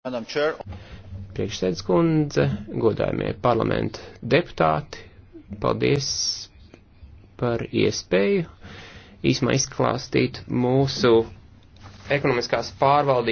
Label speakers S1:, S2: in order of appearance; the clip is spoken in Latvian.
S1: Priekšsēdus kundze, godājumie parlamentu deputāti, paldies par iespēju īsumā izklāstīt mūsu
S2: ekonomiskās pārvaldības.